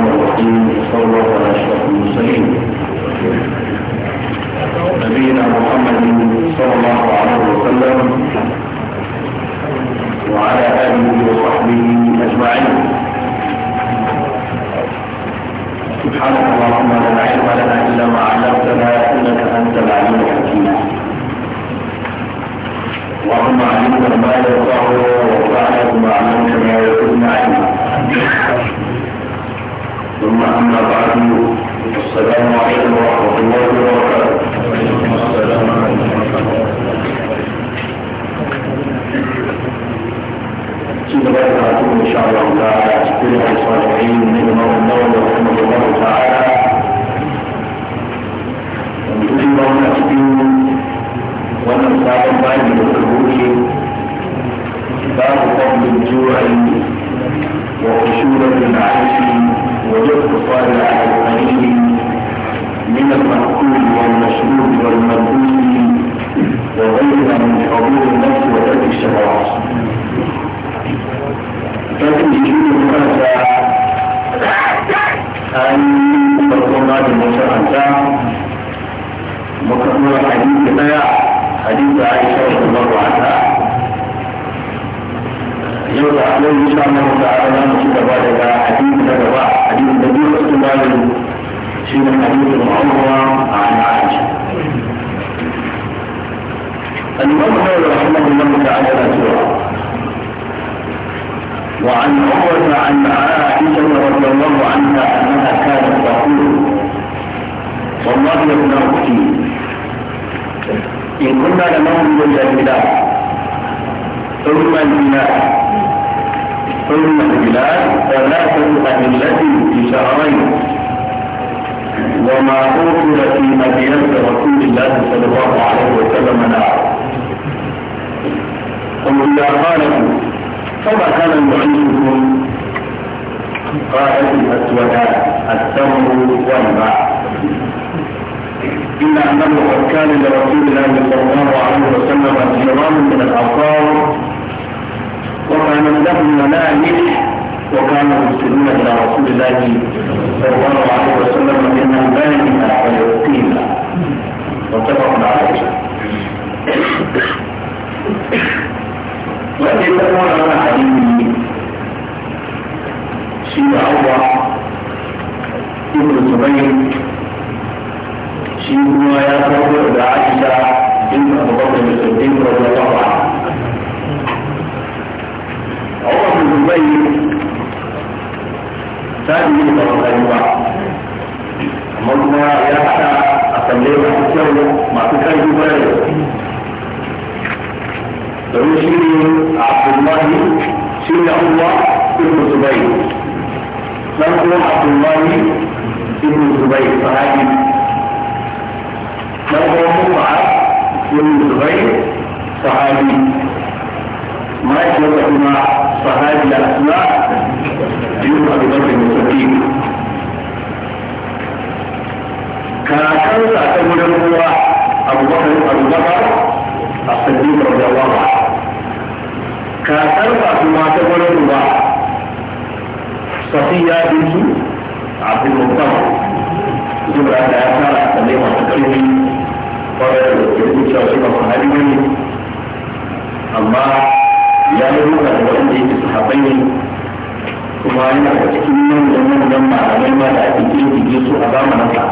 الرحيم صلى الله على اشرف المرسلين نبينا محمد صلى الله عليه وسلم وعلى اله وصحبه اجمعين سبحانك اللهم لا علم لنا الا ما علمتنا انك انت العليم الحكيم اللهم علمنا ما ينفعنا وانفعنا بما علمتنا ثم أما بعد السلام عليكم ورحمة الله وبركاته السلام ورحمة الله سيدنا إن شاء الله تعالى سبيل الصالحين من إمام النووي ورحمة الله تعالى ومن كل wannan sabon bayan da suka goce babu kwamfin jiwa wa وجدت صالح القليل من المأكول والمشروب والملبوس وغيرها من حضور النفس وترك الشهوات لكن يجب الناس أن تقومات المشرعة مكتوب حديث بيع حديث عائشة رضي الله عنها يوضع له إن شاء الله تعالى ما نشوف حديث هذا مالك شين حديث عمر عن عائشة الإمام رحمه الله تعالى سورة وعن عمر عن عائشة رضي الله عنها أنها كانت تقول والله يا ابن أختي إن كنا لنؤمن بالله ثم البناء ثم البلاد ثلاثة أهلة في شهرين وما أوصل في مدينة رسول الله صلى الله عليه وسلم نعم ثم إذا قالوا فما كان يعيشكم قالت الأسوداء التمر والماء إن أنه قد كان لرسول الله صلى الله عليه وسلم جيران من الأنصار وما وكانت لهم ملح وكانوا يرسلون الى رسول الله صلى الله عليه وسلم من المانع ويقيم متفق عليه وإن تكون على حديث شيء أوضح ابن الزبير شيء ما يا بعائشه ابن أبو بكر الصديق رضي الله عنه عمر بن الزبير تابعي لرسول amma kuma ya haɗa a tambaye masu kyau masu karfi kwarai domin shi ne a abdullahi shi ne abuwa ibn zubai dan kuma abdullahi ibn zubai sahabi dan kuma mufa ibn zubai sahabi ma'aikata kuma sahaja dan pula dia bagi bagi mesti kalau tak kemudian pula Abu Bakar Abu Bakar tak sedih berjawab kalau tak semua kemudian pula Sofia itu Abu Bakar itu berada di sana dan dia masih kering pada waktu itu saya sudah menghadiri Allah ya yi ruka da wanda yake sahabbai ne kuma yana da cikin manyan manyan malamai ma da ake kirkige su a zamanin sa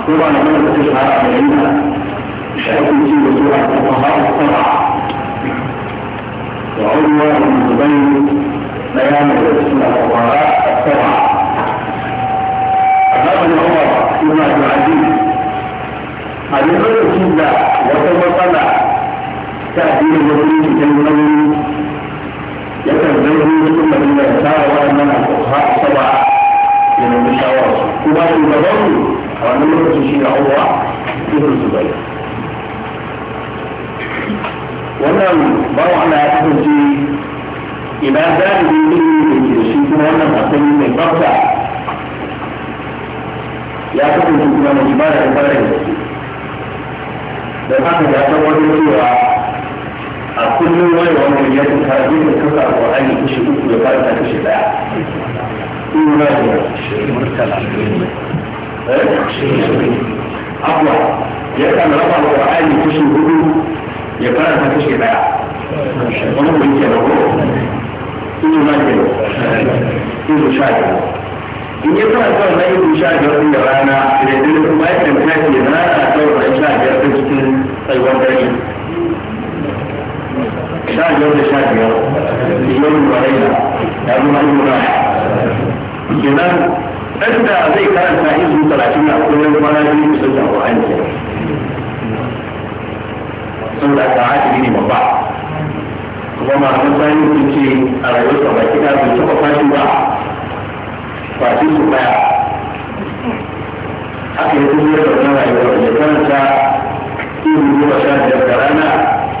akwai ba na mana da suka fara a madina da ake ci da su a kuma ba su sama da aurewa da zubai na yana da cikin alfawara a sama a zamanin umar suna da aziz a lokacin da wata matsala تأثير المدينة المدينة يتزوج ثم إذا ساوى من الفقهاء سبعة من المشاورة وما يبدو وأن يخرج شيء عروة ابن الزبير wannan bawa ana ya kasance ina zalibi ilimi da ke shi kuma wannan asali mai tsafta ya kasance kuma mai ibada da fara da su don haka ya san wani cewa a kullum wani wani ya kuka yi da kuka ko an yi kashi uku da fara ta kashi daya ina da eh? abuwa ya kan raba qur'ani kashi hudu ya fara ta kashi daya wani mun ke da ko ina da ina sha da in ya fara ta na yi sha da rana da dole kuma ya kan kai ya rana ta sha da cikin tsayuwar dare sha biyar da sha biyar miliyoyin waraina ya zama imuna kenan ɗan da zai karanta izu talatin a kullum kwana biyu kusan da ƙwa'ani da ka haɗi ne babba kuma malaman sani sun ce a rayuwarsa ba baki da bai taɓa fashi ba fashi su baya haka ya kuma da wannan rayuwar ya karanta izu goma sha biyar da rana da duk da sallar dare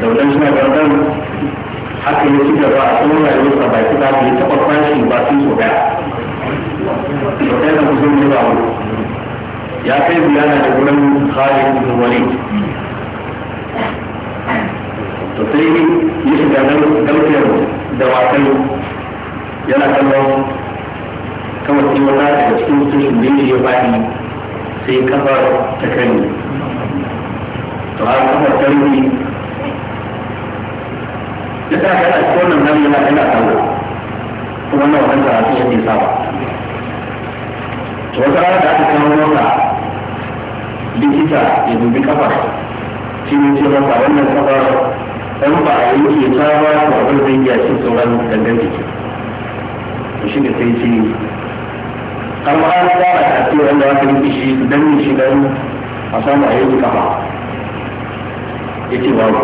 da wajen suna gardan haka ya ci ba a tsawon rayuwarsa ba ki zaɓi ya taɓa fashi ba su so ɗaya. Ba kai da kusan ne ba ya kai ziyara da gurin Khalid bin To sai ya shiga galfiyar da wasan yana kallon kawai wata daga cikin tushen da ya faɗi sai kafar ta kai to har kuma tarihi duk da kana cikin wannan hali yana kana kawo kuma na wannan karatu yake sawa to ka rana da aka kawo masa likita ya dubi kafa shi ne ce masa wannan kafa dan ba a yanke ta ba to abin zai iya cin sauran dangan jiki to shi ne sai ce har ma an tsara a cewa wanda aka yi shi dan shi dan a samu a yanke kafa ya ce babu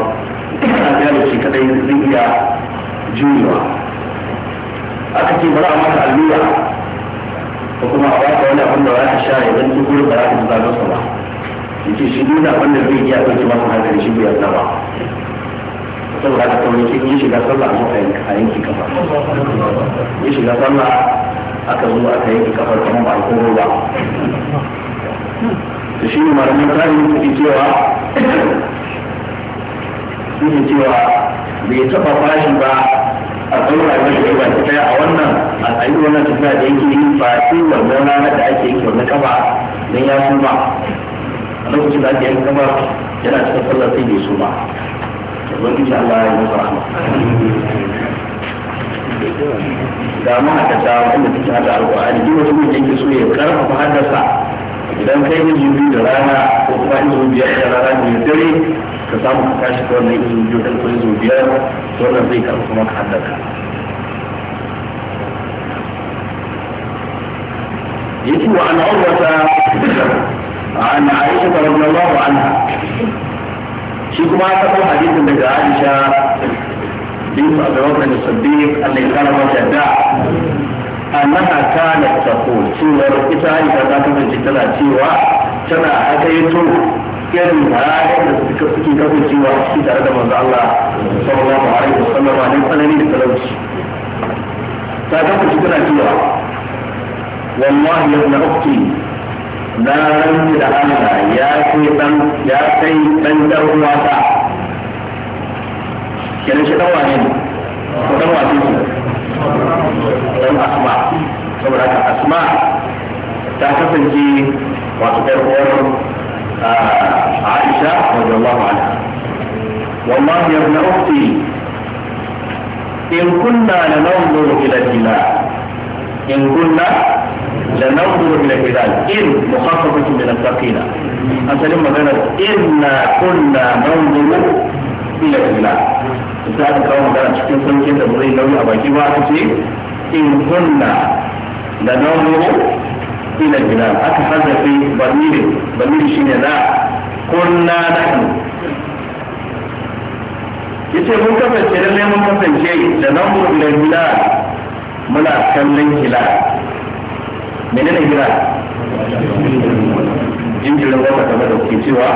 ana ta yalo shi kadai zai iya juyewa aka ce bari a mata allura ko kuma a baka wani abin da za sha ya zanci gurin da za ka zuba masa ba ya ce shi duk abin da zai iya ɗauki masu hankali shi bai yarda ba saboda haka kawai sai ya shiga sallah a zuwa a yanki kafa ya shiga sallah aka zo aka yanki kafa kamar ba a koro ba to shi ne malamin tarihi suke cewa shi ne cewa bai taɓa bashi ba a ɗaura mai da baki ɗaya a wannan al'ayi wannan tafiya da yake yi ba shi wannan ranar da ake yi wannan kafa don ya suma a lokacin da ake yin kaba yana cikin sallar sai bai suma ubangiji Allah ya yi masa rahama ga mahaddata wanda take hada alƙur'ani duk wani mutum yake so ya karfafa haddasa idan kai ne jibi da rana ko kuma in zo biyar da rana ne dare تتعامل عن عروة عن عائشة رضي الله عنها شيكو ما تقول حديث من عائشة بنت أبي بكر الصديق اللي كان مجدع أنها كانت تقول سورة إتعالي فتاة من سورة كما أتيتوا irin rayar da suka suke kasancewa a ciki tare da manzo Allah sallallahu alaihi wasallam ne tsanani da talauci ta ga ku tana cewa wallahi ya na ukti na ranci da Allah ya kai dan ya kai dan dar uwata kenan shi dan wane ko dan wace ce dan asma saboda asma ta kasance wato ɗan عائشة رضي الله عنها والله يا ابن أختي إن كنا لننظر إلى الهلال إن كنا لننظر إلى الهلال إن مخففة من التقينا أسلم قالت إنا كنا ننظر إلى الهلال إذا أنت كما مغانا تشكين سنكين تبغي لو إن كنا لننظر ila jinan aka hazafi barmiri barmiri ne na kunna ya ce mun kasance lallai mun kasance da namu ila jinan muna kallon hilal menene hilal jinjirin wata kamar da ke cewa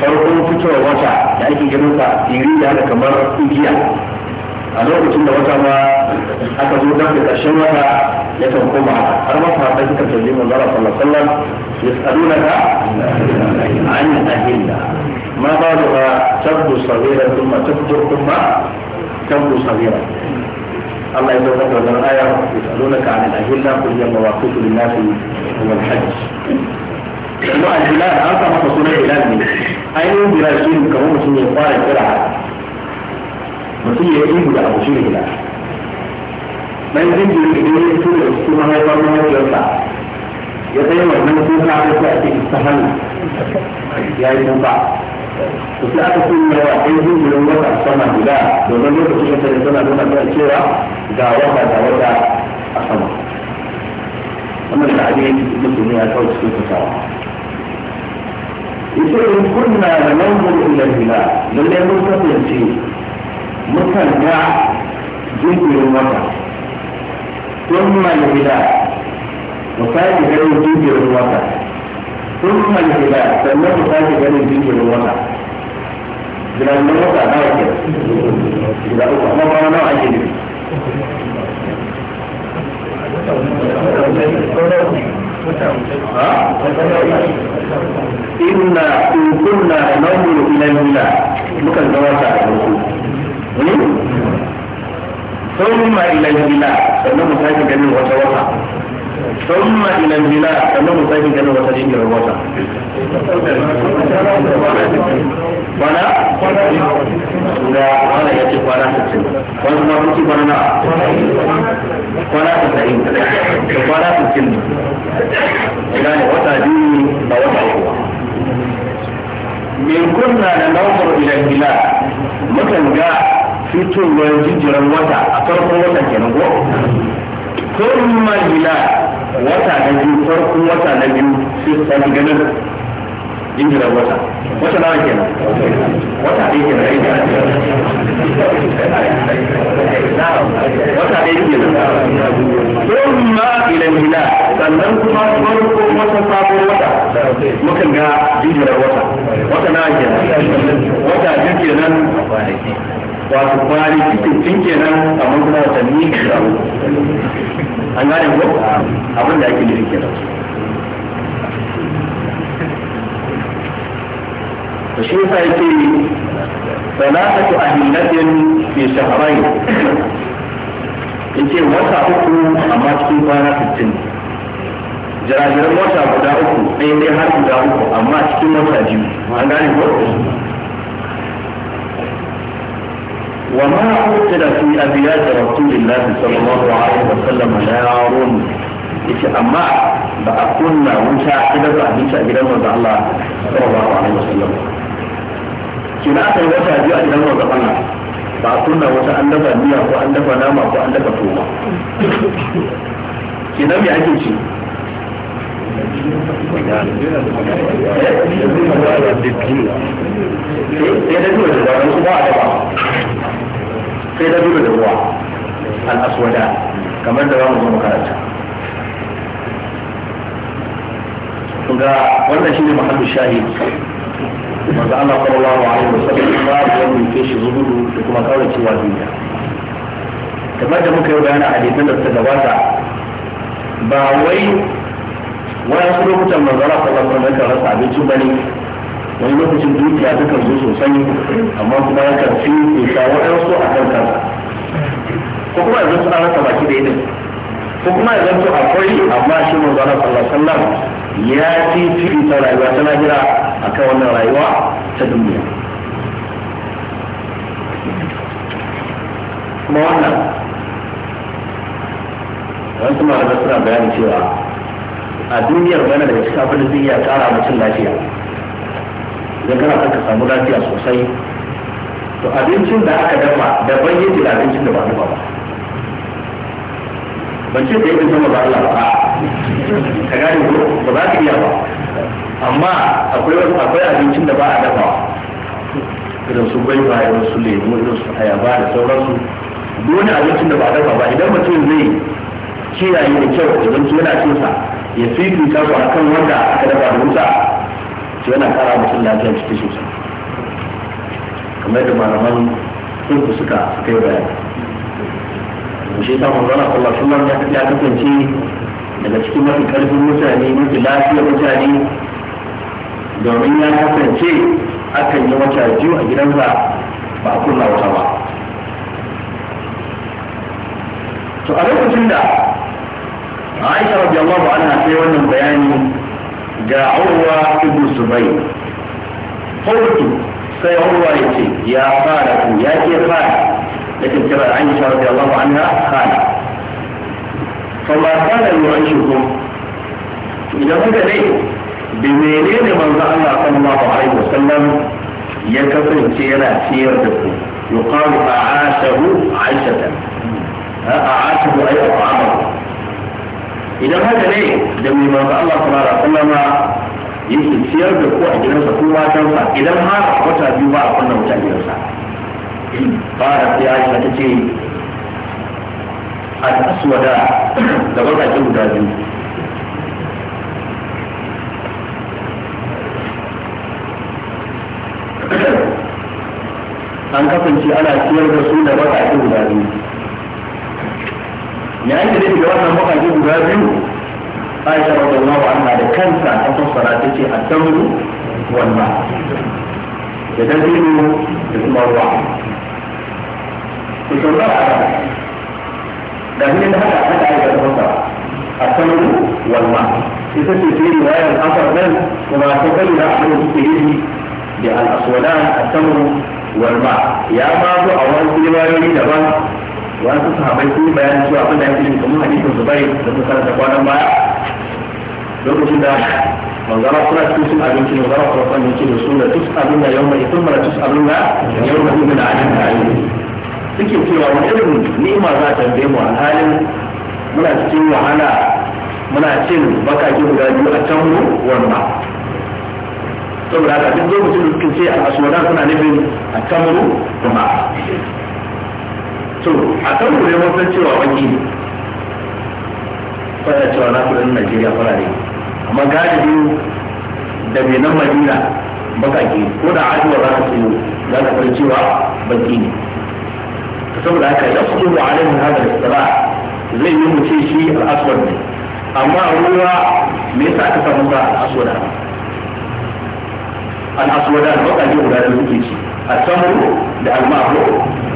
farkon fitowar wata da ake ganin sa iri da haka kamar igiya a lokacin da wata ma aka zo don da ƙarshen wata يوم الجمعة أربعة حديث كان الله صلى الله عليه وسلم يسألونك عن الاهله ما بعدها تبدو صغيرة ثم تكبر ثم تبدو صغيرة الله يقول لك مثلا آية يسألونك عن الأهلة قل هي مواقيت للناس من الحج لأنه الهلال أنت ما تصور الهلال من أي يوم بلا شيء كمان مسلم يقارن فرعة مسلم يقارن فرعة dan jinjiri idan ya fito da su mahaifar mahaifiyarsa ya kai wannan kuka ko sai a ce ta hannu ya yi kuka to sai aka sun yawa ɗan jinjirin wata sama guda domin lokacin da tana nuna ta cewa ga wata ga wata a sama wannan da abin yake mutum ya kawo cikin kusawa ita in kunna da nanzuru ila hilal lallai mun kasance mukan ga jinjirin wata ثم الهلال وفاتي غير جيجي الوطن ثم الهلال ثم وفاتي غير جيجي الوطن Gidan wata nawa ke? Gidan uku, amma kwana nawa ake nufi? Inna in kunna nanzuru ila nila mukan ga wata sannan mu sake ganin wata wata ثم إلى الهلال كما مساكن ganin مساكن كما مساكن kwana da wanda ya ce kwana sassin wani kuma kuci kwana na kwana sassin da kwana sassin ne wata biyu ba wata uku min kunna da nausar ilan hila mukan ga fitowar jijiran wata a farkon wata kenan ko ma gina wata na biyu farkon wata na biyu su sami ganin jinjiran wata wata nawa kenan wata ɗaya wata ɗaya kenan kuma ilan sannan kuma farkon wata sabon wata mukan ga wata wata wata biyu wasu kwari cikin cin kenan amma wata watanni da abu an gane ko abin da ake nufi kenan to shi yasa yake salatu ahillatin fi shahrayn yace wata uku amma cikin kwana 60 jirajiran wata guda uku ɗaya ɗaya har guda uku amma cikin wata biyu an gane ko وما عطل في أبيات رسول الله صلى الله عليه وسلم نار yace amma ba a kunna wuta idan ba a a gidan manzo Allah sallallahu alaihi wasallam kina aka yi wata biyu a gidan manzo Allah ba a kunna wuta an dafa miya ko an dafa nama ko an dafa tuwo kina me ake ci sai da duwa da zaran su ba a daba sai da dubu da ruwa al'aswada kamar da za mu zo makaranta ga wannan shine mahallu ana manzo Allah sallallahu alaihi wasallam ba ya ke shi zuhudu da kuma cewa duniya kamar da muka yi bayani a hadisan da suka gabata ba wai wani lokutan manzo Allah sallallahu alaihi wasallam kan rasa abincin bane wani lokacin dukiya kan zo sosai amma kuma ya kan fi ɗan waɗansu a kan kansa ko kuma yanzu suna rasa baki da idan ko kuma yanzu akwai amma shi mu zana sallallahu alaihi wasallam ya fi fifita rayuwa ta lahira kan wannan rayuwa ta duniya kuma wannan wasu malamai suna bayani cewa a duniyar mana daga cikin abin da zai iya kara mutum lafiya idan kana ka samu lafiya sosai to abincin da aka dafa daban yake da abincin da ba dafa ba ban ce da yake zama ba Allah ba ka gani ko ba za ka iya ba amma akwai wasu akwai abincin da ba a dafa irin su ba irin su lemu irin su ayaba da sauransu su dole abincin da ba a dafa ba idan mutum zai kiyaye da kyau da idan yana cinsa ya fifita su akan wanda aka dafa da wuta to yana kara mutum lafiya ciki sosai kamar da malaman turku suka suka yi bayani da shi ta manzana sallallahu ya kasance daga cikin mafi karfin mutane mafi lafiyar mutane domin ya kasance akan yi wata jiyo a gidansa ba a kulla wata ba to a lokacin da Aisha ba ana sai wannan bayani ga ابن ibn قلت qultu sai يا yace يا fara لكن كما عائشة رضي الله عنها خالد فما كان يعيشكم إذا كنت ليه بمنين من الله صلى الله عليه وسلم يكفر سيرا سيرتكم يقال أعاشه عيشة أعاشه أي أطعمه idan haka ne da mai manzo Allah subhanahu wa sallama yake ciyar da ku a gidansa ko matansa idan har wata biyu ba a kunna wuta gidansa ba da sai ta ce a aswada da ba bakakin guda biyu an kasance ana ciyar da su da ba bakakin guda biyu me ake nufi wannan mahaifin guda biyu aisha radiyallahu anha da kansa a fassara ta ce a tamru wal da dabino da kuma ruwa ku saurara a kan da ne da haka haka aisha ta fassara a tamru wal ma ita ce ce wayan asar nan kuma ta bayyana abin da suke yi da al a at-tamru ya ma zo a wani riwayoyi daban wasu sahabai sun yi bayanin cewa abin da ake yin kamar hadisin zubai da muka da kwanan baya lokacin da manzara suna cikin cin abinci ne manzara kuma kwanan yake da suna tus abin da yau mai tun mara tus abin da yau mai tun da ajin da ayi suke cewa wani irin ni'ima za ta tambaye mu a muna cikin wahala muna cin bakaki guda biyu a can mu wanda saboda haka duk lokacin da suke ce a asuwa suna nufin a can mu kuma to a kan ne wasu cewa waki fara cewa na kudin najeriya ne amma biyu da mai nan madina bakaki ko da aduwa za ka sayo za ka fara cewa baki ne saboda haka ya fi zuwa alaihi hada da sara zai yi mu ce shi al'aswar ne amma ruwa me yasa aka samu sa al'aswada al'aswada bakaki guda da suke ci a samuru da al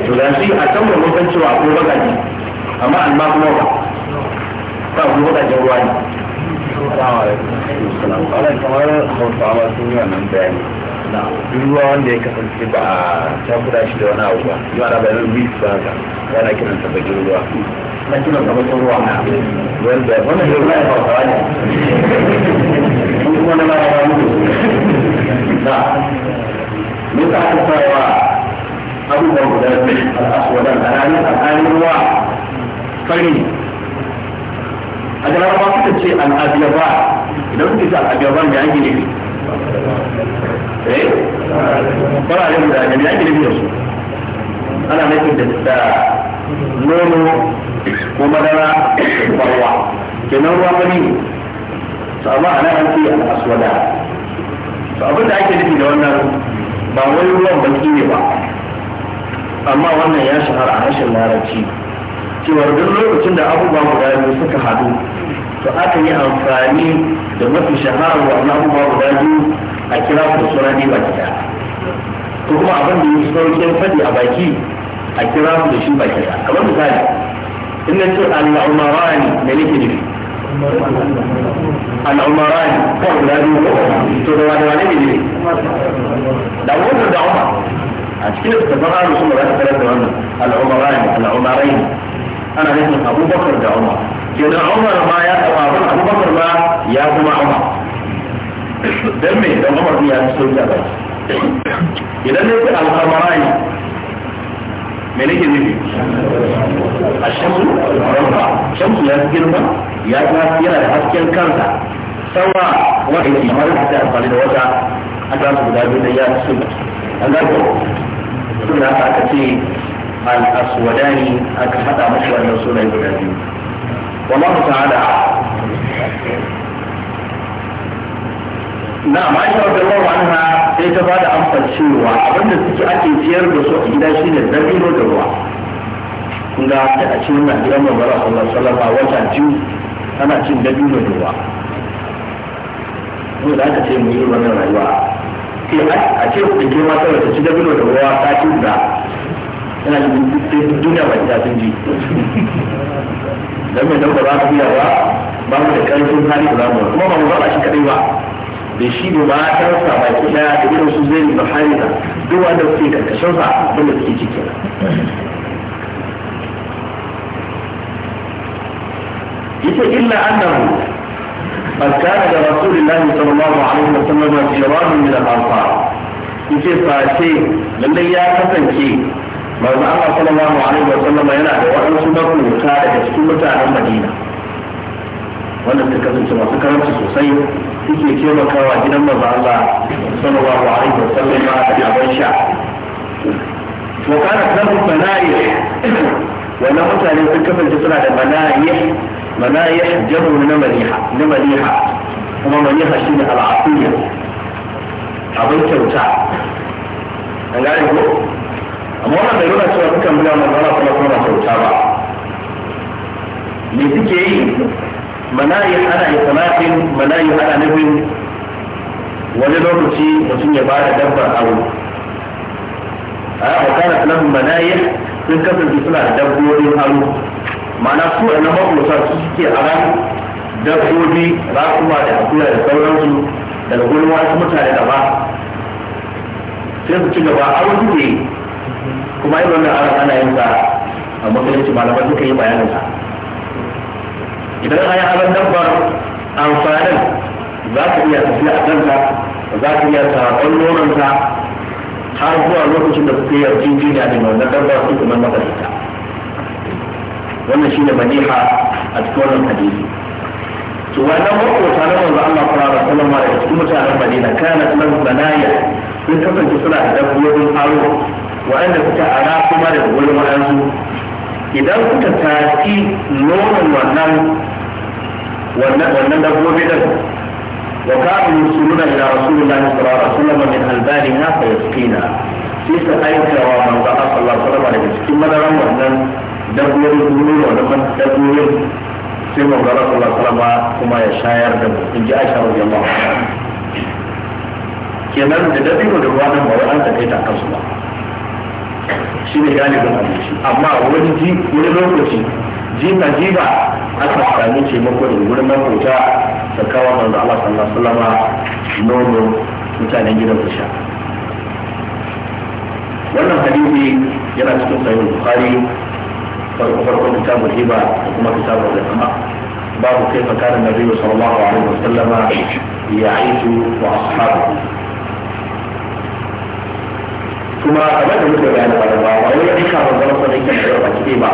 to da shi a can mun san cewa akwai bagaji amma alma kuma ba ba kuma bagajin ruwa ne Alan kamar hausawa sun yi wannan bayani. Duk ruwa wanda ya kasance ba a takura shi da wani abu ba, yau ana bayanin bis ba haka, yana kiran sa bakin ruwa. Na kiran sa bakin ruwa na. Wanda wannan yau na hausawa ne. Kuma na mara ba mutu. Na. Muka aka fara abubuwan guda biyu al'aswadan a ranar al'adun ruwa fari a jarabawa suka ce al'adiyaba idan kuka ce al'adiyaban da yanki ne eh fararen da yanki yanki ne su ana nufin da nono ko madara da ruwa kenan ruwa fari ne su amma ana hanci al'aswada to abin da ake nufi da wannan ba wani ruwan baki ne ba amma wannan ya shahara a harshen larabci cewar duk lokacin da abubuwa guda biyu suka haɗu to aka yi amfani da mafi shahara wa abubuwa guda biyu a kira su da suna ne baki ɗaya ko kuma abin da yi saukin faɗi a baki a kira su da shi baki ɗaya kamar misali in na ce al'umarani da nake nufi al'umarani kawai guda biyu ko to da wani wani ne da wani da umar أشكال السفراء رسول الله ثلاثة وأنا العمرين العمرين أنا مثل أبو بكر ده عمر كده عمر ما يا أبو بكر ما يا أبو عمر دمي ده عمر دي أنا سويت بس إذا نبي العمرين من يجي إيه نبي الشمس ربع الشمس يا كلمة يا ناس يا أشكال كذا سواء واحد يمر حتى يصل الوجع أجاب بدابين يا سويت an gaba suna aka ce al-aswadani aka haɗa masu wannan sunan guda biyu wallahu ta'ala na ma'aikata wajen rawa anha sai ta ba da amsar cewa abinda suke ake ciyar da su a gida shine dabino da ruwa kun ga ta a cikin na gidan mabara sallallahu alaihi wasallam wata biyu tana cin dabino da ruwa mu da aka ce mu yi wannan rayuwa ce a ce ku ke ma saboda ci dabino da ruwa ta ci da yana da duniya ba ta sun ji dan mai dauka ba ku yawa ba mu da karfin hali da zamu kuma ba mu ba shi kadai ba da shi ne ba ta sa ba ki da irin su zai ba hali da duk wanda suke karkashin sa wanda suke ciki yace illa annahu قد كان لرسول الله صلى الله عليه وسلم جيران من الأنصار كيف فاشي لن يا كفن شيء ما الله صلى الله عليه وسلم ينا وأن سبقوا كان يسكن مكان المدينة وأن تكفن شما سكرم سوسي كيف يكيما كوا جنا ما الله صلى الله عليه وسلم على أبنشا وكانت له منايح وأن أمتها لن تكفن جسرها المنائح منايح جمع من مليحة مليحة وما مليحة شيء العقلية أبو كوتا أنجاريكو أما أنا بيقول لك شو أفكر من أنا أنا أنا أنا كوتا لذكي منايح أنا إطلاق منايح أنا نبي ولنوكتي وتنجي بعد دبا أو آه، وكانت لهم منايح من كثر في صلاة دبا ولنوكتي ma'ana su a nan babu su suke a ran dabbobi rakuma da akuya da sauransu daga gurin wasu mutane da ba sai su ci gaba a wasu ne kuma yi wannan aran ana yin sa a musulunci malamai suka yi bayanin sa idan an yi aran dabbar amfanin za ka iya tafiya a kanta za ka iya saƙon nononta har zuwa lokacin da kuke yarjejeniya ne wannan dabbar su kuma masa wannan shi ne madiha a cikin wannan hadisi to wa wannan makota na manzo Allah fara alaihi wasallam da cikin mutanen Madina kana lahu banaya sun kasance suna da dabbobin aro wa'anda suka ara kuma da wurin wa'ansu idan kuka tafi nonon wannan wannan wannan dabbobi da wa ka'in sunna ila rasulullahi sallallahu alaihi wasallam min albani albaniha fa yasqina sai su aika wa manzo Allah sallallahu alaihi wasallam daga cikin madaran wannan da dabbobin duniya da man dabbobin sai mu gara salama kuma ya shayar da mu in ji Aisha radiyallahu anha kenan da dabino da ruwa nan ba wai an ta kansu ba shi ne galibin abinci amma wani ji wani lokaci jima jima aka sami taimako da wurin makota da kawo manzo Allah sallallahu alaihi nono mutanen gidan su sha wannan hadisi yana cikin sahih bukhari farko farko kitabul hiba da kuma kitabul rifa babu kai fa kana nabi sallallahu alaihi wasallam ya aitu wa ashabu kuma kamar da muke bayani ba da ba wani ya dika ba zama sanin kan da ba kike ba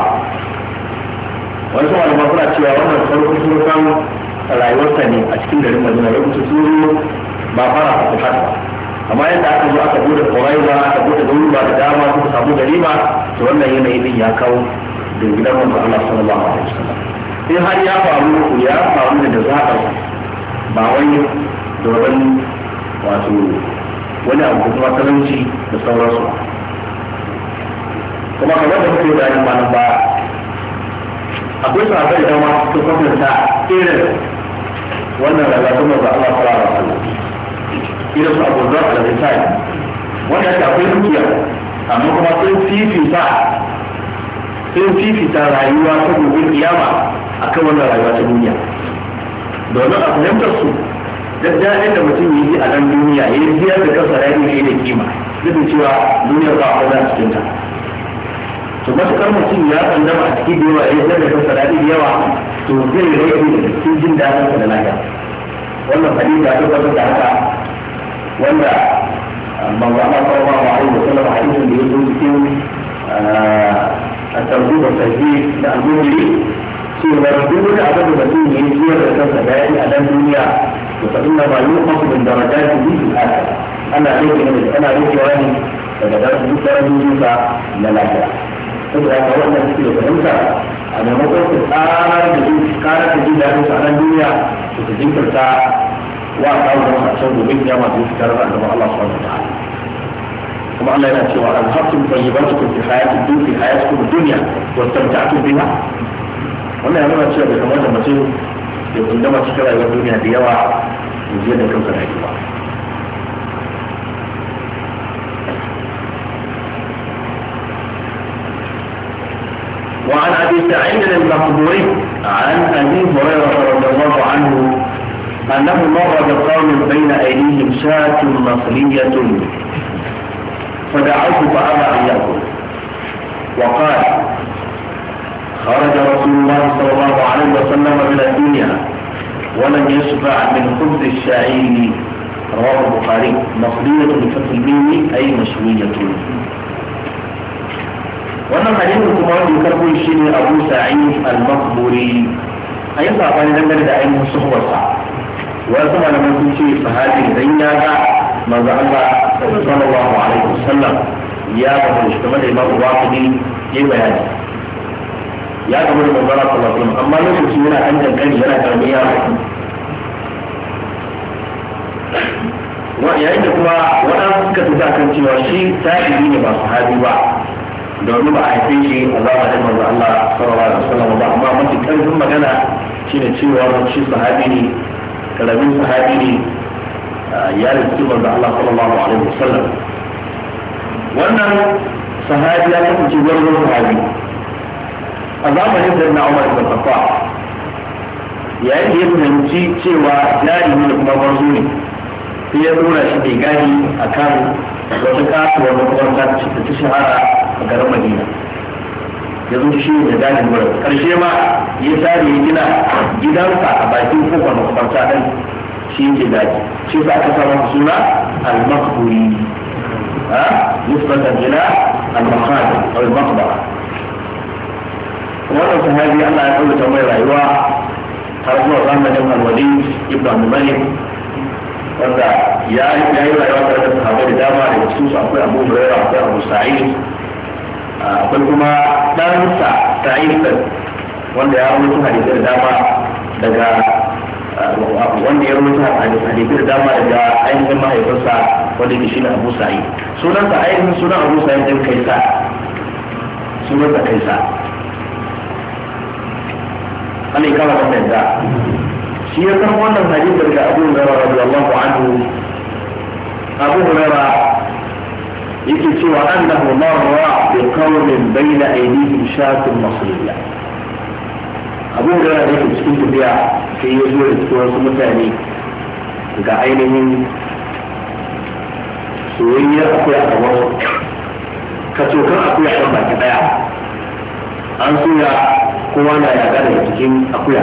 wani kuma da suna cewa wannan farko sun san rayuwarsa ne a cikin garin Madina lokacin sun ba fara a kuka ba amma yadda aka zo aka bude kuraiba aka bude garuruwa da dama suka samu garima to wannan yanayi din ya kawo da gidan manzo Allah sallallahu alaihi wasallam in har ya faru ya faru ne da zaɓar ba wani da wani wato wani abu ko kuma talauci da sauransu kuma kamar da kuke bayanin ba nan ba akwai sahabbai da ma su kwatanta irin wannan rayuwa ta manzo Allah sallallahu alaihi wasallam irin su Abu Dharr da Sa'id wanda yake akwai dukiya amma kuma sun fifita sun fifita rayuwa ta gobe kiyama kan wannan rayuwa ta duniya domin a fahimtar su daddaɗin da mutum yi a nan duniya ya yi biyar da kansa rayu shi da kima duk cewa duniyar ba a kwana a cikin ta to matukar mutum ya tsandama a cikin yawa ya yi da kansa rayu yawa to zai ne da cikin jin daɗin sa da lafiya wannan hadisi a duk da haka wanda ah, manzo Allah sallallahu alaihi wasallam hadisin da ya zo cikin ah, a tarbu da sahi da cewa duk wani abin da mutum ya yi zuwa da kansa da a nan duniya to na ana rike ne ana rike wani daga darajar na lafiya saboda haka wannan suke da fahimta a maimakon su tsara da jin kara da jin daɗin su a duniya su jinkirta wa kawo a can domin yi su da Allah ta'ala ومعنى ذلك هو أظهرتم طيباتكم في حياة الدنيا في حياتكم الدنيا واستمتعتم بها وأنا أنا أنا أتشاهد أن هذا المسيح يقول لما تشكرا إلى الدنيا بيوع وزيادة كم سنة يجب وعن أبي سعيد المقبوري عن أبي هريرة رضي الله عنه أنه مر بقوم بين أيديهم شاة مصرية فدعوت فأبى أن يأكل وقال خرج رسول الله صلى الله عليه وسلم إلى الدنيا ولم يشبع من خبز الشعير رواه البخاري مقلية بفتح الميم أي مشوية wannan hadisin kuma wanda ya karbo shi ne Abu Sa'id al-Maqburi a yi sabani dangane da ainihin suhuwarsa wasu malaman sun ce sahabi idan ya ga manzo Allah صلى الله عليه وسلم يا ابو مجتمع الامام الواقدي يي بيان يا ابو المبارك صلى الله عليه وسلم اما لو كنت هنا عند الكلمه هنا تربيه yayin da kuma waɗansu suka tafi akan cewa shi tabi'i ne ba sahabi ba domin ba a haife shi a zamanin manzo Allah sallallahu alaihi wasallam ba amma mafi karfin magana shine cewa shi sahabi ne karamin sahabi ne ya rubuci da Allah sallallahu alaihi wasallam wannan sahabi ya kasance gwargwar sahabi a zamanin da na Umar ibn Khattab yayin da ya fahimci cewa jarumi da kuma gwarzo ne sai ya dora shi bai gani akan wata kasuwar makaranta da ta shahara a garin Madina ya zo shi ne gane wurin karshe ma ya sare ya gina gidansa a bakin kofar makwabta ɗin shi yake daji shi sa aka samu suna al-maqburi ha nisbatan ila al-maqam aw al-maqbara wannan sahabi Allah ya kawo mai rayuwa har zuwa zamanin al-walid ibn malik wanda ya yi rayuwa tare da sahabbai da dama da cikin su akwai Abu Hurairah akwai Abu Sa'id akwai kuma ɗansa Sa'id wanda ya rubuta hadisi da dama daga wanda ya rubuta hadisi da dama daga ainihin mahaifinsa wanda ke shi na abu sa'id sunansa ainihin sunan abu sa'id ta kaisa sunansa kaisa ana kama da yadda shi ya san wannan hadisi daga abu hurairah radiyallahu anhu abu hurairah yake cewa annahu marra bi qawmin bayna aydihim shatun masriya abu da yana yake cikin tafiya sai ya zo da wasu mutane ga ainihin soyayya akuya a wasu ka akwai a kan baki daya an soya kowa na yaga daga cikin akuya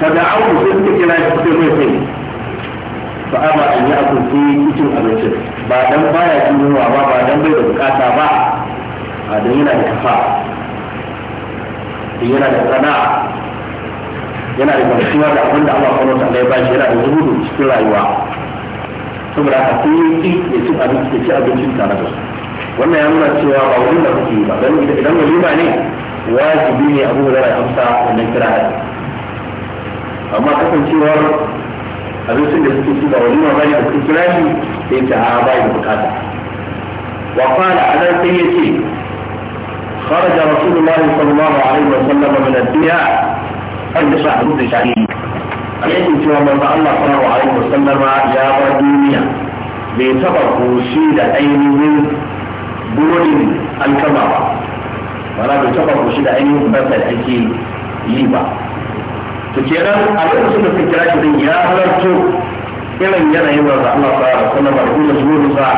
ta da abu sai suka kira shi sai mai sai ba a ba a yi akwai sai cin abincin ba dan baya cin yunwa ba ba dan bai da bukata ba a don yana da kafa yana da sana'a yana da gamsuwa da abin da Allah kuma ta ya bashi yana da zuhudu cikin rayuwa saboda haka sai ya ci ya ci abinci ya ci abincin tare da su wannan ya nuna cewa ba wurin da kuke ba don idan walima ne wajibi ne abu da ya amsa wannan kira da amma kasancewar abincin da suke ci ba walima ba ne da suke kira shi sai ta ba yi bukata wa fara a nan sai ya ce خرج رسول الله صلى الله عليه وسلم من الدنيا قد شهد شهيد عليه سوى من صلى الله عليه وسلم يا ودنيا بسبب شيد أين من بول الكبار ولا بسبب شيد أين من بس الحكيم ليبا تكيران أبو سنة فكرات دي يا هلتو إلا إن جانا إلا رضا الله صلى الله عليه وسلم رسول الله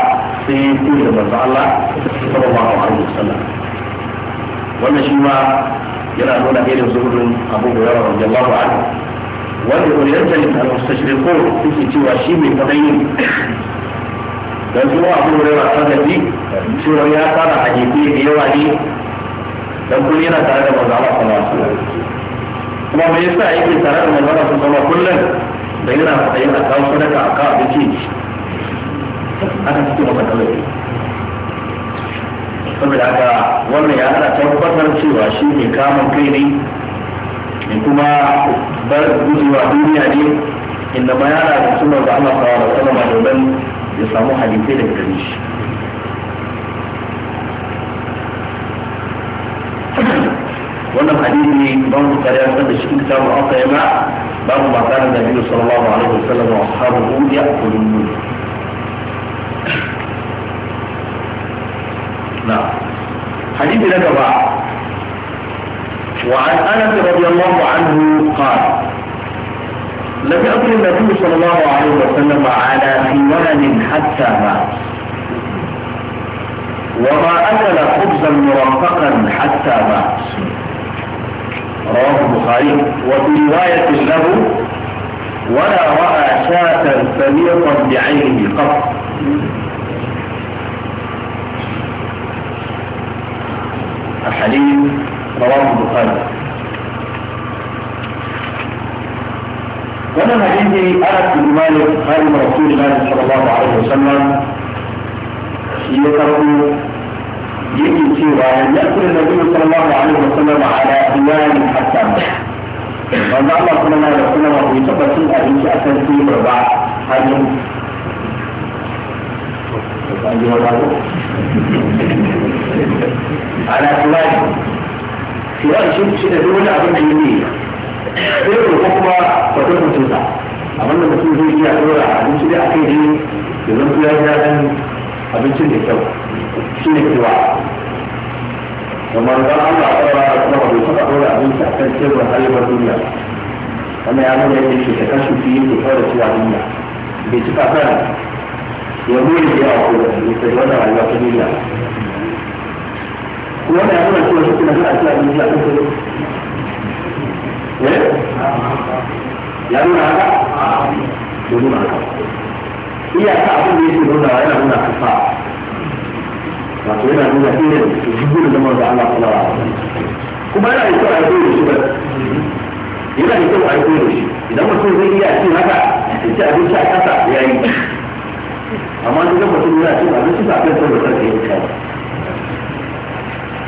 صلى الله عليه وسلم wannan shi ma yana nuna irin zuhudun abu da yawa da Allah wa wanda ne a ko suke cewa shi mai don dan kuma abu da yawa kan gaji cewa ya fara jefi da yawa ne dan kuma yana tare da manzo a sallallahu kuma me yasa yake tare da manzo su zama kullum da yana fadayin a kawo sadaka a kawo abinci aka fito masa kallon saboda haka wannan ya ana tabbatar cewa shi ne kamun kai ne ne kuma bar gujewa duniya ne inda ma yana da sunan da Allah sawa da sallama domin ya samu hadisai da gari. shi wannan hadisi ban ku kare an da shi kitabu aka yi ma babu magana da biyu sallallahu alaihi wasallam wa ashabu ya kullu حديث لك وعن أنس رضي الله عنه قال لم يأكل النبي صلى الله عليه وسلم على ثمان حتى مات وما أكل خبزا مرفقا حتى مات رواه البخاري وفي رواية له ولا رأى شاة سليقا بعينه قط الحديث رواه البخاري وانا حديث أنس بن مالك خادم رسول الله صلى الله عليه وسلم يقول يجي سوى أن يأكل النبي صلى الله عليه وسلم على إمام حتى manzo Allah sallallahu alaihi wasallam في taba cin abinci a kan tebur في har yau ala fulani siya shi shi da duk wani abin da yake sai ko kuma ba ta mutum sa abin da mutum zai iya dora da aka yi da zan fi yayi daɗin abincin da kyau shi ne kiwa kuma zan Allah tsara kuma ba bai taɓa dora abinci a kan tebur halibar duniya wannan ya nuna yadda yake shakar shuki yake kawai da cewa duniya bai cika kan ya mure da yawa ko da shi sai wannan rayuwa ta duniya wanda ya nuna cewa shi na zuwa cewa ne ya kusa ne eh ya nuna haka ya nuna haka iyaka abin da yake nuna yana nuna kafa wato yana nuna irin jibin da manzo Allah sallallahu alaihi kuma yana da kyau a koyo shi ba yana da kyau a koyo shi idan mutum zai iya cin haka ya ci abinci a kasa ya yi amma duk mutum yana cin abinci ba kan saboda sarki ya kai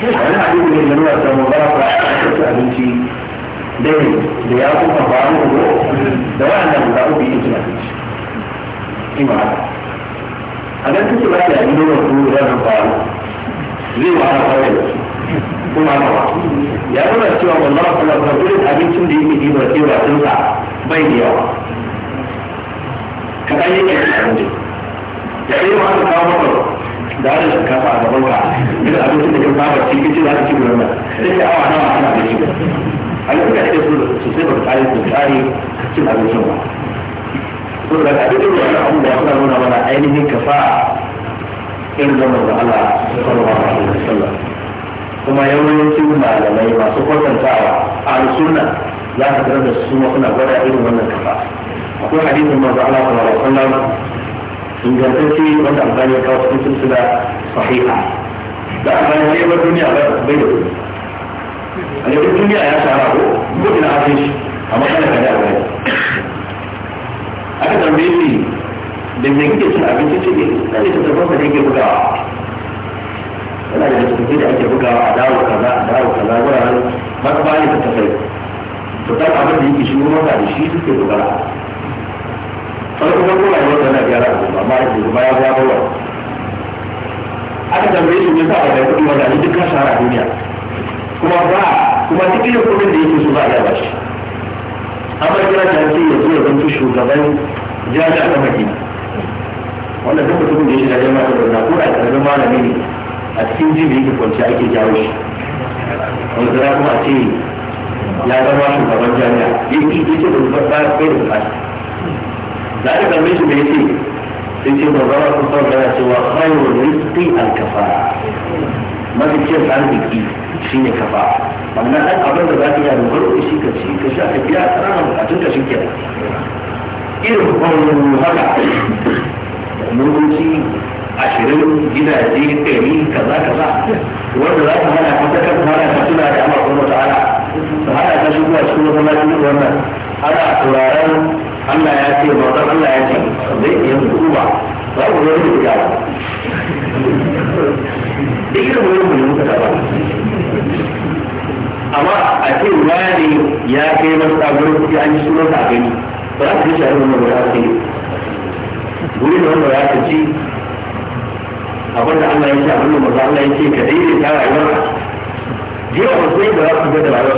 wani abin da nuna samun ba ku wasu abinci dai da ya kuma faru ko da wannan guda uku yin cin abinci ima a dan kuke ba da yi nuna su da nan faru zai wa ana faru da su kuma ba ya nuna cewa wannan kuma kuma duk abincin da yake diba cewa sun sa bai da yawa kadan yake da abinci da yi ma aka kawo maka da har da kafa a gaban ka duk abin da ka fara ci kici za ka ci gurin nan sai ka awa nawa ana da shi a yau da ake so sosai ba tsari ko tsari cin abincin ba saboda ka duk wani abu da suna nuna mana ainihin kafa irin wannan da Allah sallallahu alaihi wasallam kuma yawancin malamai masu kwatantawa a sunna za ka tarar da su suna gwada irin wannan kafa akwai hadisin manzo Allah sallallahu alaihi wasallam ingantacce wanda amfani ya kawo cikin sulsula sahiha da amfani ne bar duniya ba bai da kuɗi a yau duniya ya shara ko ko ina a shi a kana kare a bai aka zambe shi da me kike cin abinci ce ne kada ki tabbata da yake bugawa yana da tafi da ake bugawa a dawo kaza a dawo kaza wuraren masu ba da ta tafai to kan abin da yake shi maka da shi suke dogara wani kuma kuma ya wata na gyara a amma ya ce ya zama wa aka tambaye shi a kai kuɗi wanda ni duniya kuma ba kuma duk irin kuɗin da yake so ba ya ba shi amma kira ta ce ya zo ya zanto shugaban jami'a ta madina wannan duk mutumin da ya shiga jami'a ta madina ko da karamin malami ne a cikin jini yake kwanci ake jawo shi wanda kuma a ce ya zama shugaban jami'a yake yake da ba ba da bukata da aka tambaye shi me yake sai ce ba zama ku sauka yana cewa khairul rizqi al kafara mafi kyan arziki shine kafa amma dan abin da za ka yi dogaro shi ka ci ka sha ka biya tsara bukatun ka shi kenan irin kwallon haka mulkoci ashirin gidaje ɗari kaza kaza wanda za ka hana ka kan fara ka tuna da Allah kuma ta ta'ala su hana ta shigo a cikin wannan wannan ana turaren Allah ya ce mautar Allah ya ce zai iya mutu ba ku zo da ba duk wani ne ba amma a ce wani ya kai masu abuwa kuɗi an yi suna a gani ba za su yi shari'a wannan wani ake wuri da wanda ya ci abin da Allah ya ce abin da maza Allah ya ce ka daidaita rayuwarka jiya wasu yadda za su ga da rayuwar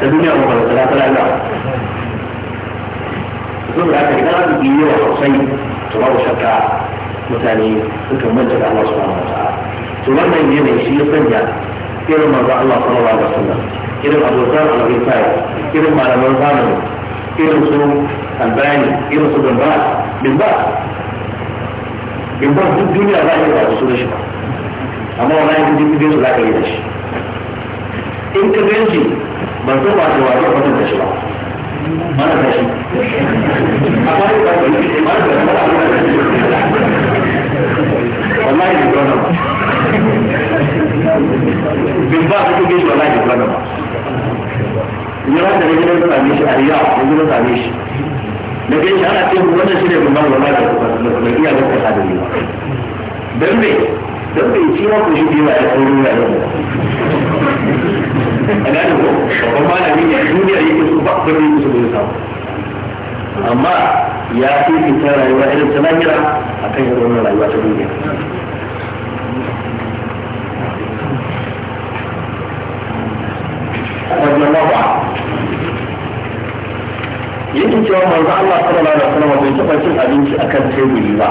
ta duniya da ta lalata saboda haka idan aka biyo yawa sosai to babu shakka mutane sukan manta da Allah subhanahu wa ta'ala to wannan yanayi shi ya sanya irin manzo Allah sallallahu alaihi wasallam irin abokan al-rifai irin malaman zamani irin su albani irin su gamba bimba ba duk duniya za a yi ba su da shi ba amma wani yanzu duk duniya su za ka yi da shi in ka ganci ban san ba ta wajen da shi ba mara da shi amma yi da shi mara da shi wallahi da gwana bin ba su kuke shi wallahi da gwana ba yawan da rage na same shi a riya yanzu na same shi na kai shi ana ce wannan shi ne bin ba wallahi da gwana ba iya gaskata da ni ba don me don bai ci ku shi biyu a cikin ruwa yau a gane ko babban malami ne duniyar yake su ba ku yake su gudu samu amma ya fi fitar rayuwa irin ta lahira a kan irin wannan rayuwa ta duniya رضي الله عنه yake cewa manzo Allah sallallahu alaihi wasallam bai taba cin abinci akan teburi ba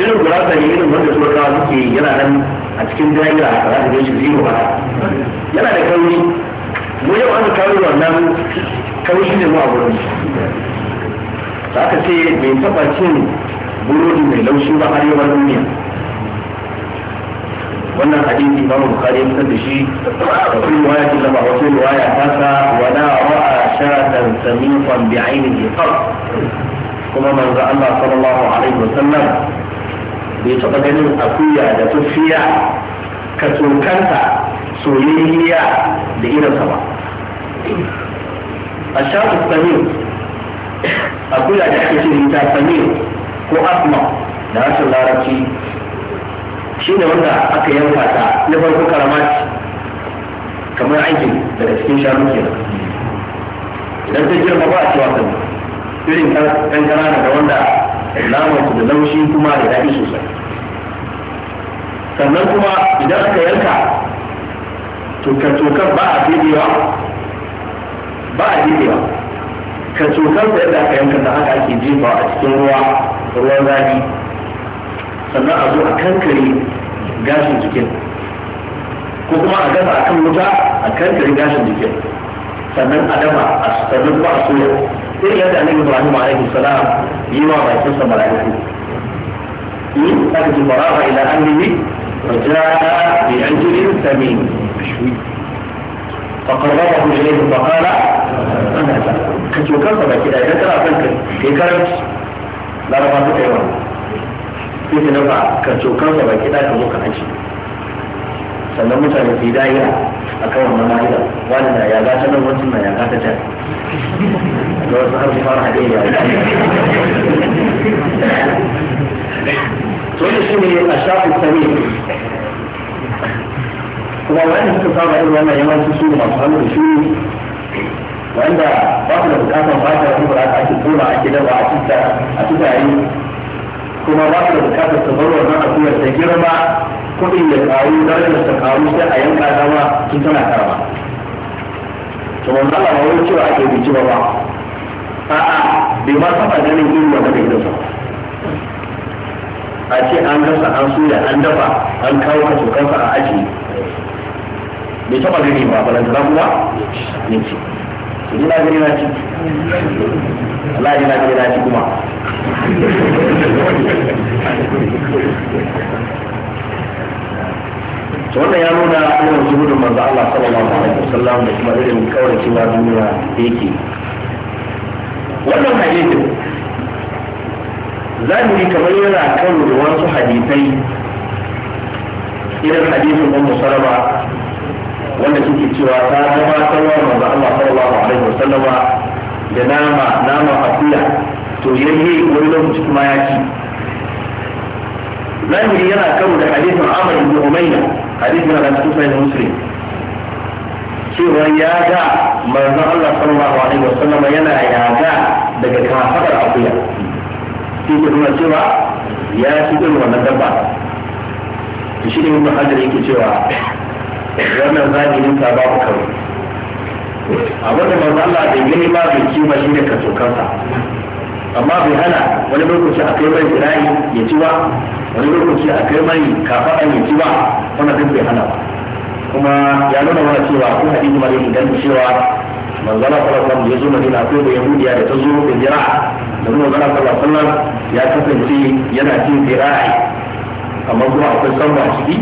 irin gurasa ne irin wanda turkawa suke yana nan a cikin daira a kara da shi zero ba yana da kauri mu yau an kawo wannan kauri ne mu a wurin za ka ce bai taɓa cin burodi mai laushi ba har yawan duniya wannan hadisi imamu bukhari ya fitar da shi da kullu waya killa ba wasu riwaya ta sa wala ra'a shatan samifan bi'ainihi qat kuma manzo Allah sallallahu alaihi wasallam bai taɓa ganin akuya da tuffiya ka tsokanta soyayya da irin sa ba a shafi samir akuya da ake shirin ta samir ko asma da rashin larabci shi ne wanda aka yanka ta na farko karamaci kamar aikin daga cikin shanu kenan idan ta girma ba a cewa sani irin ɗan ƙanana da wanda lamar da laushi kuma da daɗi sosai sannan kuma idan aka yanka tokar-tokar ba a fidewa ba a fidewa ka tokar da yadda aka yanka da haka ake jefa a cikin ruwa ruwan zafi sannan a zo a kankare gashin jikin ko kuma a gasa a kan wuta a kankare gashin jikin sannan a dafa a sannan ba a soya sai yadda annabi Ibrahim alaihi salam yi wa bakin sa mala'iku in aka ji bara'a ila annabi فجاء بعجل ثمين فقربه إليه فقال أنا لا كتوكا فبكي لا يترى فنك كيكرت لا رفعت كيوان كيف نفع كتوكا فبكي لا يتوقع عجل sannan mutane su yi dariya a kan wannan ma'ida wani na ya gata nan wancan na ya gata can da wasu har su fara haɗe ya to yi shi ne a shafin sani kuma wani suka saba irin wannan yawanci su ne masu hannu da shi wanda ba su da bukatar fata da kuma ake tura ake dafa a cikin a cikin kuma ba da bukatar ta bar wannan akuyar ta girma kuɗin ya karu darajar ta karu sai a yanka dama tun tana karama to manzo Allah ba wani cewa ake bici ba ba a'a bai ma saba ganin irin wannan da gidansa a ce an gasa an suya an dafa an kawo ka tokansa a aji bai taba gani ba balantana kuma ne ce ina gani na ci Allah ya lafiya da shi kuma to wannan ya nuna irin zuhudin manzo Allah sallallahu alaihi wasallam da kuma irin kauracewa duniya da yake wannan hadisin zahiri kamar yana kan da wasu hadisai irin hadisin ummu salama wanda suke cewa ta gabatarwa manzo Allah sallallahu alaihi wasallama da nama nama akuya to yayye wani lokaci kuma ya ci zahiri yana karo da hadisin amr ibn umayna hadisin da cikin sahih muslim cewa ya ga manzon Allah sallallahu alaihi wasallam yana yaga daga kafar akuya sai ke nuna cewa ya ci irin wannan dabba to shi ne mun hadari yake cewa wannan zahirin ta babu karo abin da manzo Allah bai gani ba bai ci ba shine ka tokansa amma bai hana wani lokaci a kai mai tsirani ya ci ba wani lokaci a kai mai kafaɗa ya ci ba wannan duk bai hana ba kuma ya nuna mana cewa ko hadisi ma yake dan cewa manzo Allah sallallahu alaihi wasallam ya zo Madina akwai da Yahudiya da ta zo da jira da manzo Allah sallallahu alaihi wasallam ya kasance yana cin zira'i amma kuma akwai sanwa ciki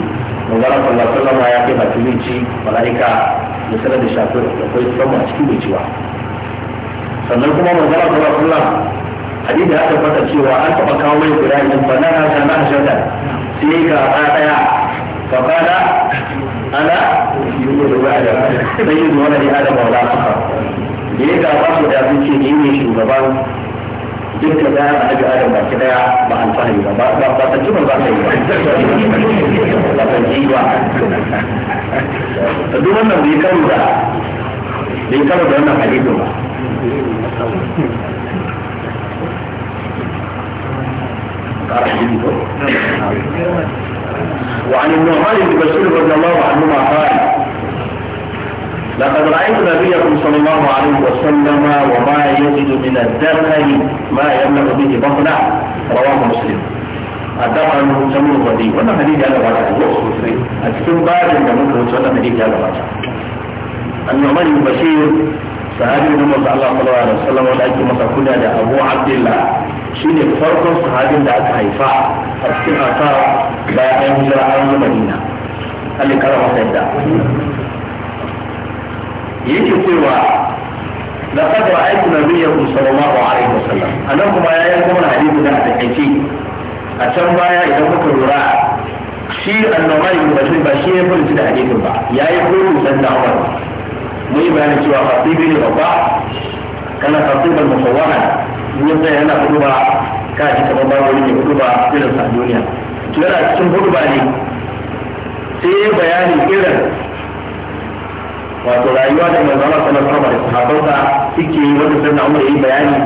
manzara sallallahu alaihi ma ya kai masu zai ci malaika da sanar da shafi kai sama a cikin mai ciwa sannan kuma manzara sallallahu alaihi wasallam hadisi ya tabbata cewa an taɓa kawo mai guda idan ba na rasha na shata sai ga ɗaya ɗaya fa kana ana yuzu wa adam sai yuzu wa adam wa la fakar da ya ga ba su da sun ce ni ne shugaban duka za a haji adam baki daya ba alfahari ba ba ba ta ji ba ba ta yi ba ba ta ji ba ta duk wannan bai karu da bai karu da wannan hadisin ba وعن النعمان بن بشير رضي الله عنهما قال لقد رأيت نبيكم صلى الله عليه وسلم وما يجد من الدخل ما يملك به بطنا رواه مسلم الدخل من سمو الغدي وانا حديث هذا بعد أتكون بعد أن انه وسلم حديث على بعد النعمان بن بشير صحابي من صلى الله عليه وسلم ولكن مسكنا لأبو عبد الله شيء فرق صحابي لا تحيفا أتكون أثار بعد أن جرى مدينة اللي كرمه سيدا yake cewa laqad ra'aytu nabiyyakum sallallahu alaihi wasallam anan kuma ya yi kuma hadisi da takeici a can baya idan muka lura shi annabai ibn bashir ba shi ya furta da hadisin ba yi yi san da Umar mun yi bayani cewa khatibi ne babba kana khatiban musawwana mun sai yana ba ka ji kamar ba wani ne ba irin sa duniya to yana cikin ba ne sai bayani irin wato rayuwa da manzo Allah sallallahu alaihi wasallam da sahabbansa suke yi wanda sunna Umar yi bayani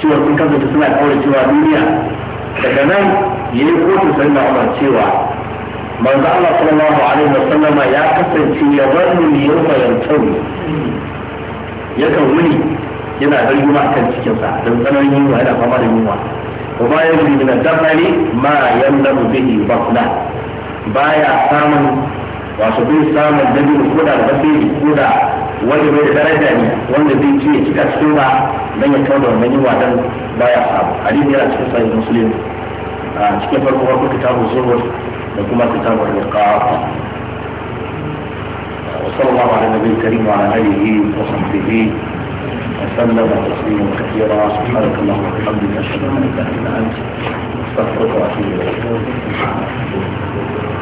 cewa sun da suna kaura cewa duniya daga nan yayi kotu sunna Umar cewa manzo Allah sallallahu alaihi wasallam ya kasance ya wani yawma ya yakan wuni yana zarguma a kan cikinsa don tsananin yunwa yana fama da yunwa wa ma yanzu min ad-dafari ma yanzu bihi ba baya samun wasu bin samun dabino ko da basiri ko da wani mai daraja ne wanda zai ce cika cikin ba don ya kawo da wannan yiwa don baya samu hadisi yana cikin sahih muslim a cikin farko farko kitabu zuhur da kuma kitabu riqaq wa sallallahu ala nabiyyi karim wa ala alihi wa sahbihi وسلم تسليما كثيرا سبحانك اللهم وبحمدك اشهد ان لا اله الا انت استغفرك واتوب اليك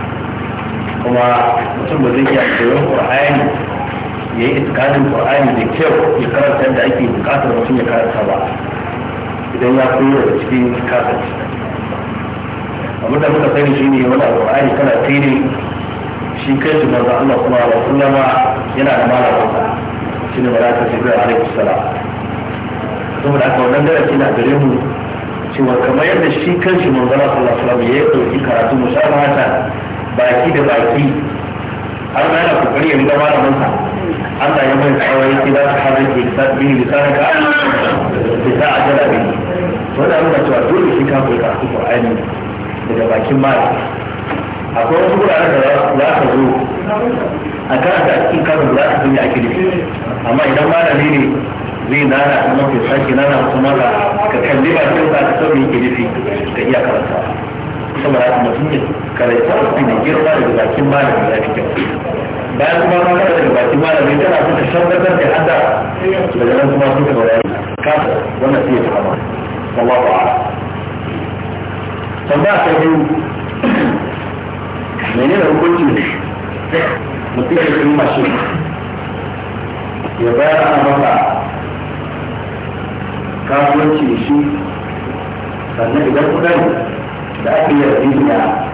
kuma mutum ba zai iya koyon qur'ani ya yi iskanin qur'ani da kyau ya karanta da ake buƙatar mutum ya karanta ba idan ya koyo da cikin kasance abinda muka sani ne wani qur'ani kana tsiri shi kai shi manzo Allah kuma wa kullama yana da malamin shine malaka jibril alaihi salam saboda haka wannan darasi na gare mu cewa kamar yadda shi kan manzo Allah sallallahu alaihi wasallam ya yi karatu mushabahata baki da baki har na yana kokari ya zama da manta Allah ya mai tsawai ki da hadin ki da lisan ka ki ta ajala da to da Allah cewa dole shi ka koyi karatu Qur'ani daga bakin mali akwai wasu guraren da za ka zo a kan da cikin karin za ka yi ake nufi amma idan malami ne zai nana kuma ke sake nana kuma ka ka kalli ba ka sauke ke nufi ka iya karanta saboda mutum ne karanta wasu mai girma da bakin malami ya fi kyau bayan kuma ka kada daga bakin malami tana so ta shabbatar da hada daga nan kuma suka bayani kafa wannan sai ya fama wallahu a'lam tambaya ta biyu menene hukuncin mutum ya yi mashin ya bayar ana masa kasuwanci shi sannan idan kudin da ake yi da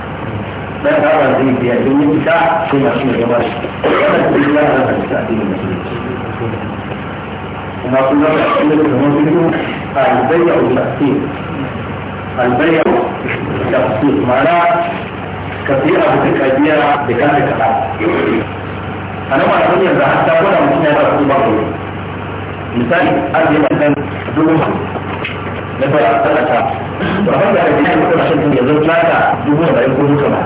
dan kama zai biya don yi fita sai masu ne gaba shi wannan kuma ya hana da fita addini musulunci kuma da zama cikin da kamar biyu albayya wa tafsir albayya wa tafsir ma'ana ka fi abu da kabiya da kan da kaɗa a nan ma'ana yanzu har ta mutum ya ba su ba ku misali arziki mai dan dubu na fara tsallaka to abin da ake yi a kasashen yanzu ta dubu da ya kuma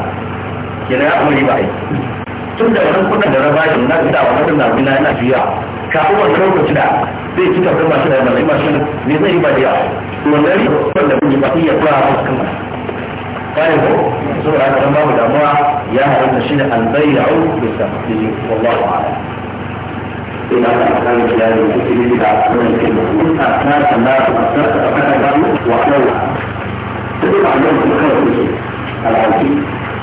jadi aku lebih baik. Cuma orang pun ada orang baik, nak kita orang pun nak bina nak dia. Kalau orang kau pun tidak, dia juga pun masih ada masih masih ni tu lebih baik. Mereka dia pun dapat lebih baik ya pelajar kemas. Kalau itu, surah Al-Baqarah dan Muah, ya hari masih akan bayar besar. Jadi Allah Taala. Ina akan menjadi ini tidak mungkin. kita karena masa akan baru waktu. Jadi banyak berkhidmat.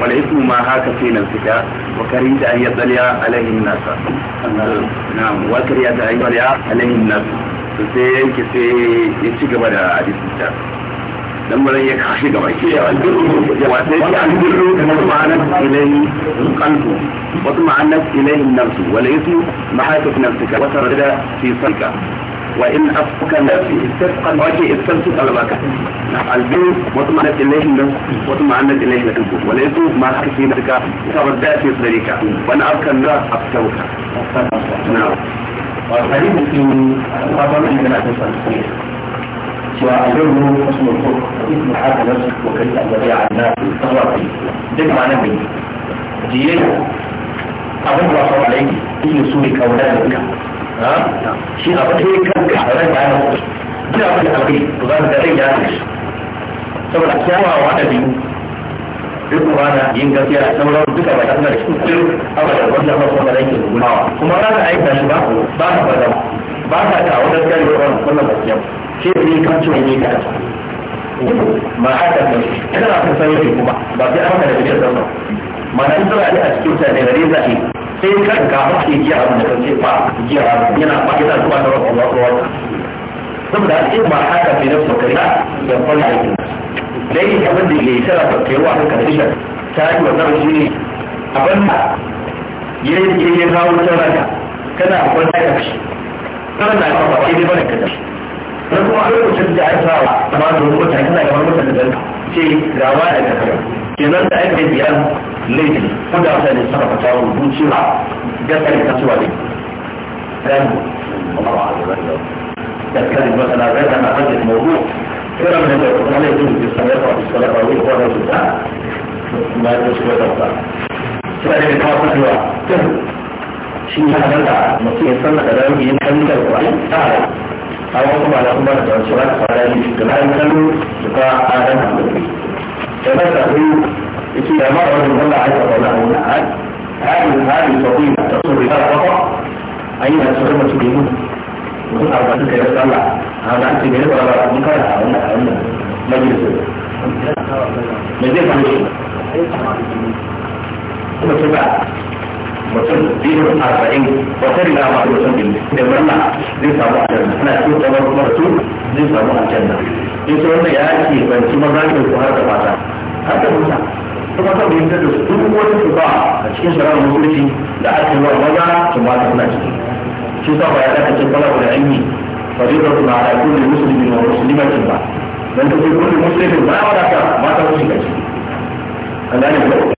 والاسم ما هاك فينا الفتاة وكريد أن يطلع عليه الناس نعم وكريد أن يطلع عليه الناس فسيل كسي يشيك بدا عديد الفتاة لما لن يكحشي قبعي واتيتي عن جرو وطمعنك إليه القلب وطمعنك إليه النفس والاسم ما هاك في نفسك وترد في صلك وإن أفكر صدقا وجه التمسك على ما كان البين إليه من وطمأنت إليه لك البوت وليس ما حكي لك تردى في صدرك وأن أفكر لا أفتوك نعم والغريب في قبل أن تصل وأجره اسم الخلق واسم الحاكم نفسك وكيف أن يبيع الناس الصغار فيه ده معناه دي جيلة abin da wasu alai ne su ne kauna da duka shi abin da ya kanka ran da ya mutu duk abin da alai to za ka rai ya ne saboda kyawawa da biyu duk rana yin gaskiya sauran duka ba ta da shi abada wanda ba su alai ne gumawa kuma za ka aika shi ba ba ka fada ba ka ta wani gaskiya da wannan wannan gaskiya shi ne kan cewa ne ka ma haka ne kana son sai kuma ba sai an ka da bidiyar sauran mana in zuwa a cikin ta daga gare zai sai kan ka haske giya abin da kace ba giya yana ba yana zuwa da rabu ba kowa saboda a cikin ba haka bai nafsa kaina da kwalla aikin dai abin da ya yi tara ba kai wa haka da ta yi wannan shi ne abin da ya yi ya kawo tara kana akwai da kashi kana na kawo ba sai bane shi na kuma a lokacin da aka sa ba da wani mutane kana kamar mutane da ce ga ba da kaza kenan da ake biya laifin ko da mutane suka fata wa rubun cewa gaskari ta cewa laifin ta gaskari ba sana zai kana hajji mawdu kira mai da kuma laifin da sanar da wasu ta ba wai ko da ta ta ba da su da ba da kawo cewa shi ne haɗar da mutum ya san daga daren yin kallon da kuma ta a wasu ba da kuma da wasu ba da ta yi da bayan kallon da ta adana ثلاثة حيوك يصير مرة من الله عز وجل هذه هذه الفضيلة تصل بها خطأ أين تسلم تبينون وكل أربعة كيف تطلع هذا أنت من ولا من كان هؤلاء هؤلاء مجلس مجلس عن الشيء ثم تبع mutum zirin arba'in wata riga ma mutum din da murna zai samu aljanna ana cikin tsaron kuma su zai samu aljanna in sai wanda ya ke banci maza ke ko har da mata har da mata kuma ta bayyana da su duk wani su ba a cikin shara musulunci da aka yi wa maza su mata suna ciki shi sa ba ya dace cikin kala da ilmi ba zai zama ba a kullu musulmi wa musulmatin ba dan ta kullu musulmin ba ya wadata mata su shiga ciki an gane ko